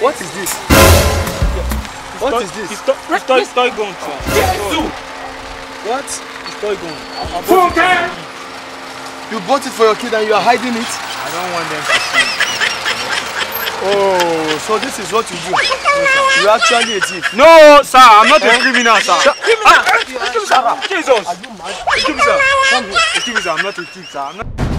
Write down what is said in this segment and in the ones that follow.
What is this? What is this? It's toy it's toy gun. What? It's toy gun. Funke! You bought it for your kid and you are hiding it? I don't want them to see. Oh, so this is what you do. You are actually a thief. No, sir, I'm not a eh? criminal, sir. Sir, ah, criminal? Ah, excuse me, sir. Jesus. Are you mad? Excuse me, sir. Come me, sir. I'm not a thief, sir.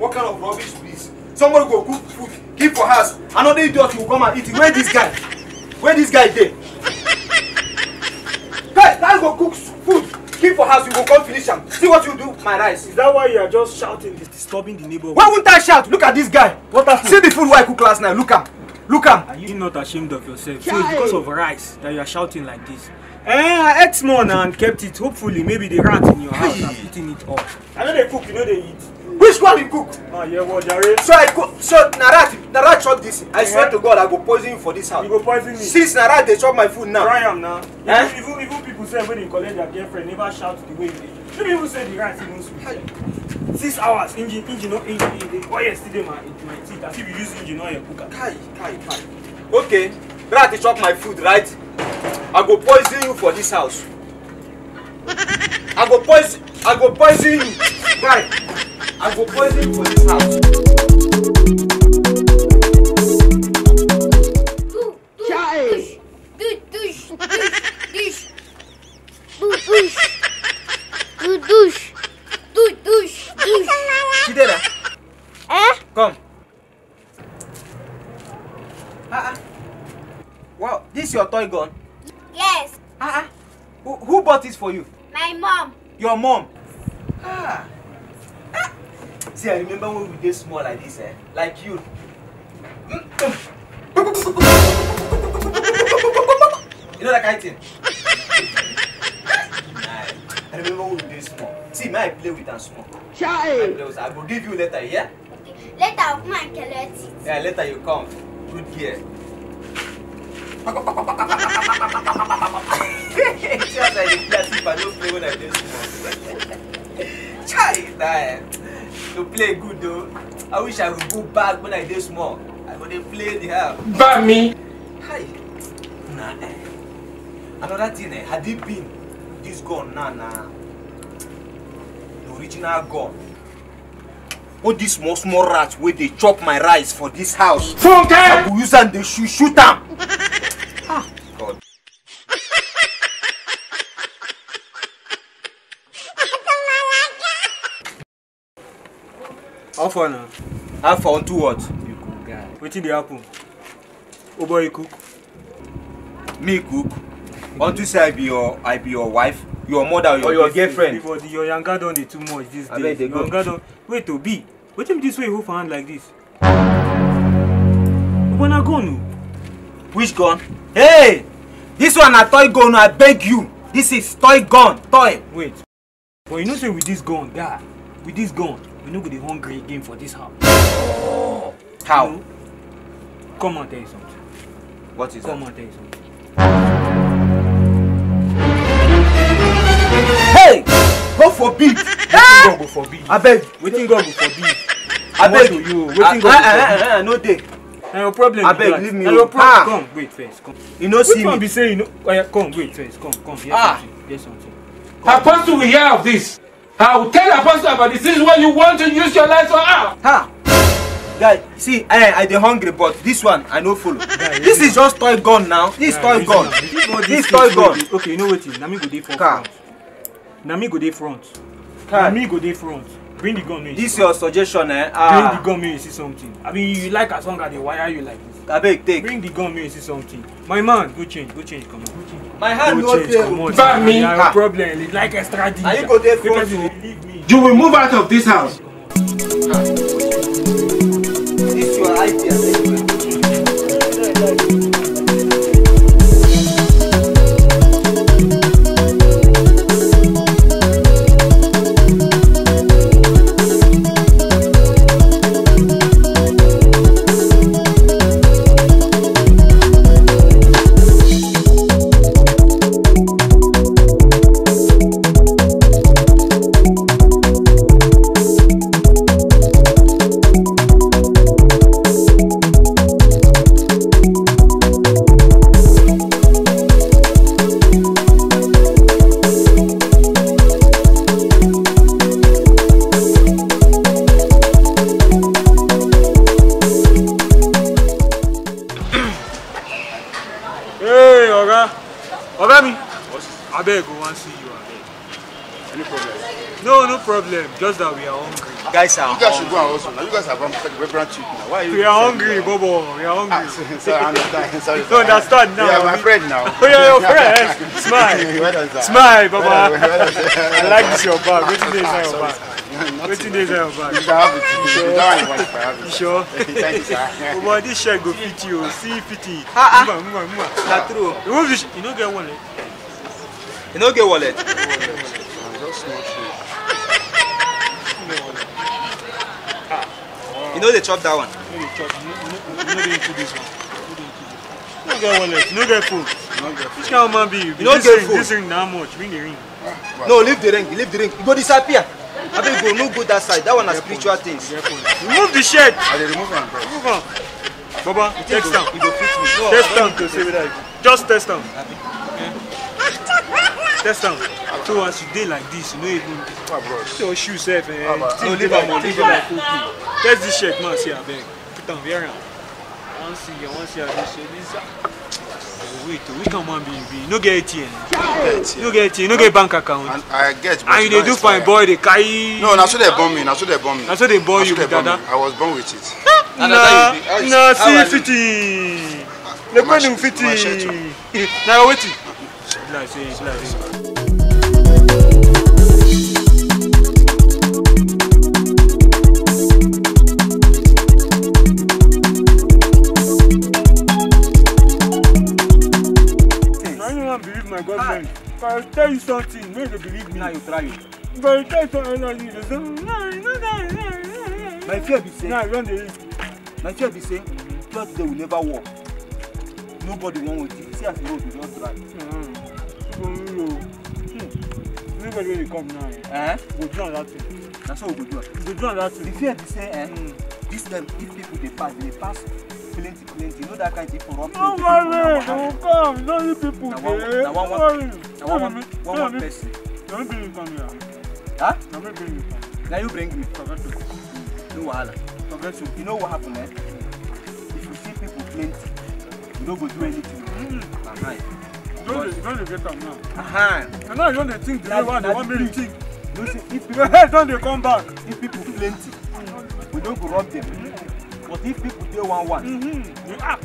What kind of rubbish is this? Somebody go cook food, keep for house. Another idiot will come and eat it. Where this guy? Where this guy There. Guys, guys go cook food, keep for house. You go come finish am. See what you do, my rice. Is that why you are just shouting? It's disturbing the neighborhood. Why won't I shout? Look at this guy. What happened? See the food I cook last night. Look am. Look am. Are you not ashamed of yourself? So it's because of rice that you are shouting like this. Eh, I ate more and kept it. Hopefully, maybe the rat in your house are eating it all. I know they cook, you know they eat. Which one you cook? Ah, yeah, well, Jare. So I cook. So na rat, na rat chop this. I swear to God, I go poison you for this house. You go poison me. Since na rat dey chop my food now. Try am now. Eh? Even even people say when they collect their girlfriend, never shout the way they. Even people say the rat even sweet six hours engine engine no engine the oil still dey my my teeth i fit be use engine oil cook am. kai kai kai okay try to chop my food right i go poison you for this house i go poison i go poison you right i go poison you for this house. you? My mom. Your mom? Ah. ah. See, I remember when we did small like this, eh? Like you. you know that kind thing? I remember when we did small. See, may I play with and small? Child! I, play with, I will give you later, yeah? Later, I'll come and collect it. Yeah, later you come. Good gear. Just like the classic I don't play when I play small. Try that. To play good though. I wish I would go back when I did small. I would have played the half. But me. Hi. Nah. Eh. Another thing, eh, had it been this gun now, nah, nah. The original gun. All these small small rats where they chop my rice for this house. Funke! I will use and they shoot them. offer na after unto what you cook guy wetin dey happen o oh boy cook me cook unto say i be your i be your wife your mother or your, or your girlfriend but your younger don dey too much these days your yanga don wait to oh, be. wetin be this way. Who found like this obo na go now. Oh? which gun hey this one a toy gun i beg you this is toy gun toy. wait but you know say with this gun guy with this gun we no go dey hungry again for dis house how you know? come on tell you something what is come that? on tell you something hey god forbid wetin ah! god go forbid abeg wetin god go forbid abeg to you wetin god go ah, ah, forbid no dey na your problem abeg leave me alone ah come wait first come you no see me which one be say you no oh, come wait first come come Ah, hear something hear something. apostle we hear of this I will tell apostle about this. This is where you want to use your life for. Ah! Ha. Guy, see, eh, I, I the hungry, but this one I no follow. Guy, this is just toy gun now. This guy, toy gun. this toy gun. Okay, you know what? Na me go dey for front. Na me go dey front. Na me go dey front. Bring the gun make you This your suggestion eh? Ah. Bring the ah. gun make you see something. I mean, you like as long as they wire you like this abeg take. bring the gun make you see something my man go change go change comot. my hand no dey o ban me ah problem it's like extra deal. Are you go dey front o. you will move out of this house. this your idea. Eh? problem. No, no problem. Just that we are hungry. Guys are You guys hungry. should go and also. Now you guys have from restaurant now. Why are you? We are hungry, now? Bobo. We are hungry. Ah, sorry, I understand. Sorry. You understand now. Yeah, my friend now. oh, you are your friend. Smile. Smile, Baba. I like this your bag. Wait till is your bag. Wait till this your bag. You should have it. You should have it. You sure? Thank you, sir. Bobo, this shirt go fit you. See fit it. Ah ah. Move on, move on, move on. That's true. You don't get wallet. You don't get wallet small shit. You know they chop that one? No, they chop. You No they into this one. You No get wallet. You No get food. Which kind of man be you? You don't get food. This ring now much. Bring the ring. Ah, no, leave the ring. Leave the ring. You go disappear. I think go no go that side. That one are spiritual things. Remove the shirt. I dey remove am. Remove am. Baba, text am. You go fit me. Test am to see whether. Just test am. Test am. So as you dey like this, you know even ah, your shoe sef eh, ah, still dey by money for my cookie. Test this shirt man see abeg, put am wear am. I wan see, I wan see how this shirt is. Wait, oh, which kind man be you be? You no get ATM. You no get ATM, no get bank account. And I get, And you dey do fine boy, dey carry. No, na so dey born me, na so dey born me. Na so dey born you dada. I was born with it. Na na see fiti. Lekwe ni fiti. Oh. Na wetin? I tell you something, you no believe me. Now you try it. If I tell you something, I go say, no, no, no, no. My fear be say. Now run the risk. My fear be say, church day will never work. Nobody want with You see as the road dey not dry. Everybody hmm. hmm. wey dey come now, eh? go drown that thing. Na so we go drown. We go drown that thing. The fear be say, eh? Mm. This time, if people they pass, they pass plenty plenty you know that kind of people run plenty people na wahala come no you people dey na one one na one one one one person. na me bring you come here. Huh? na me bring you come. na you bring me. no wahala. forget you you know what happen eh if you see people plenty you no go do anything. Mm. Mm-hmm. na right. don dey don dey get am now. Uh-huh. and now you don dey think the way why one, wan make you think. no see if people. your head don dey come back. if people plenty we no go rub them. Mm -hmm. But if people dey one one, mm -hmm. we act.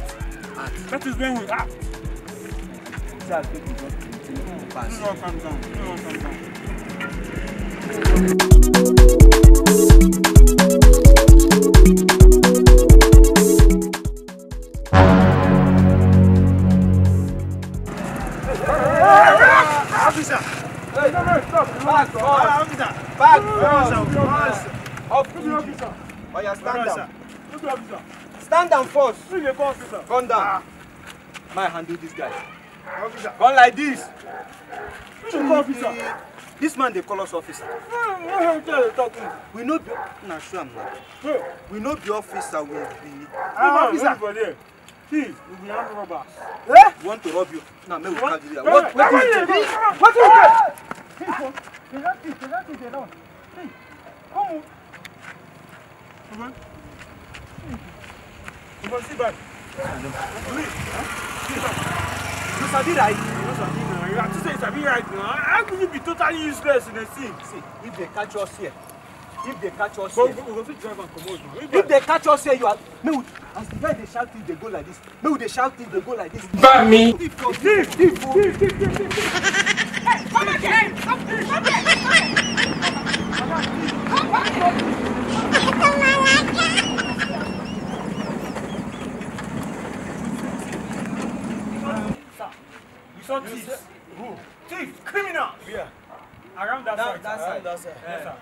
act. That is when we act. See as people just dey dey come pass. No calm down. No calm down. Officer! Hey, no, no, stop! Back, back! Back! Back! Officer! Officer! Officer! Officer! Officer! Officer! Officer! Officer! Stand and force. Come down. Ah. My handle this guy. Come like this. This man they call us officer. We know be na We know be officer we be. Ah, officer. Please, we be armed robbers. Eh? We want to rob you. Now nah, make we carry you. What? What is it? What is it? Please, they don't. They don't. They don't. Come on. Okay. You must be right. You sabi right? You sabi now. You have to say you sabi right now. How can you be totally useless in the scene? See, if they catch us here, if they catch us here. But we go drive and comot now. If they catch us here, you are. no. as the guy they shout if they go like this. No, they shout if they go like this. Back me. Thief, thief, thief, thief, thief, thief, thief. Hey, come again! Come, come again! Come back! Come back! saw thieves. Who? Thieves, criminals. Yeah. Around that, that side. That side. That side. Yes, sir.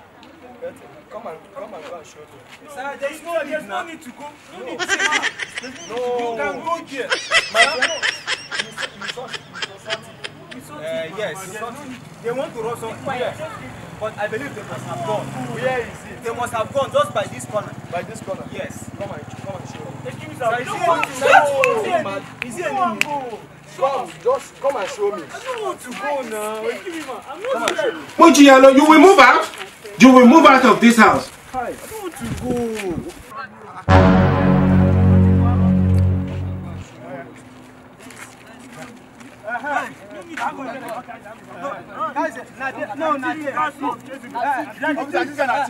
Come and come and go and show them. Sir, there is no, there's no need to go. No, no. need to go. No. You can go here. My saw, saw saw yes, saw they want to rob something here. But I believe they must have gone. Where is it? They must have gone just by this corner. By this corner? Yes. Come on, come on, show Excuse me, sir. Is he any? Is he any? Come, just come and show me. I don't want to go now. Give me my. I'm not there. Mujialo, you will move out. You will move out of this house. Hi, I don't want to go. No, not yet. No, this guy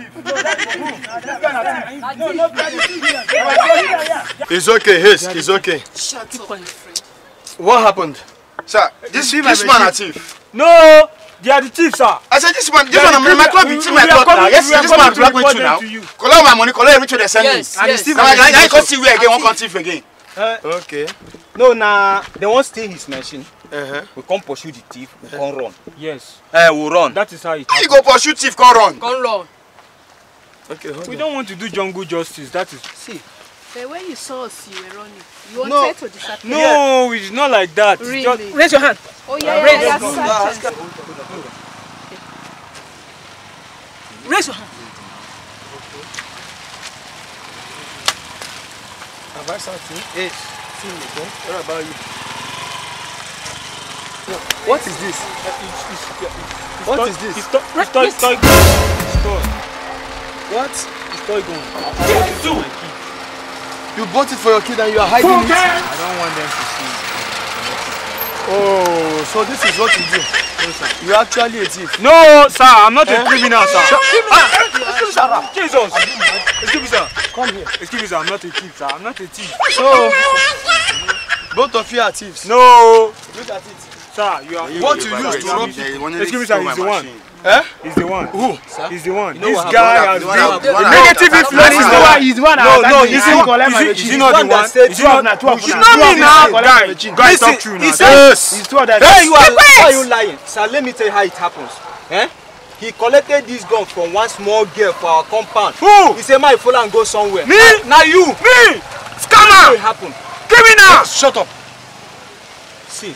not It's okay, Haste, it's okay. Shut up. What happened? Sir, this, this man a thief. No, they are the thief, sir. I said this man, this one. my club, it's my club now. Yes, this man, black going to now. Collect my money, collect everything they send me. And the thief, now I can't see where again, one can't thief again. okay. No, nah, they won't steal his machine. Uh-huh. We can't pursue the thief, we uh-huh. can't run. Yes. Eh, we'll run. That is how it How you go pursue thief, can't run? Can't run. Okay, hold We don't want to do jungle justice, that is... See, But when you saw us, you were running. You wanted no. to disappear. No, it's not like that. Really? Just raise your hand. Oh, yeah, yeah, raise your hand. Raise your hand. Have I started? Yes. See me, What about you? What is this? What is this? It's toy gun. It's toy gun. What? It's toy gun. What is doing? You bought it for your kid and you are hiding Full it. I don't want them to see. Oh, so this is what you do. No, sir. You're actually a thief. No, sir, I'm not eh? a criminal, sir. Sh criminal. Ah, excuse me, sir. Jesus. Excuse me, sir. Come here. Excuse me, sir. I'm not a thief, sir. I'm not a thief. So, both of you are thieves. No. Look at it. Sir, you are. What you, you used to rob people. Excuse me, sir. He's the one. Eh? He's the one. Who? Sir? He's the one. You know this guy has the negative influence. He's the one. He's the one. No, no. Is he not the Is he not the one? Is he not the one? Is he not me now, guy? Guy, talk true now. Yes. He's Hey, you are. Why are you lying? Sir, let me tell you how it happens. Eh? He collected this gun from one small girl for our compound. Who? He said, "My follow and go somewhere." Me? Now you. Me? Scammer. What happened? Criminal. Shut up. See.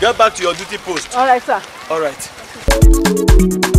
Get back to your duty post. All right, sir. All right. Okay.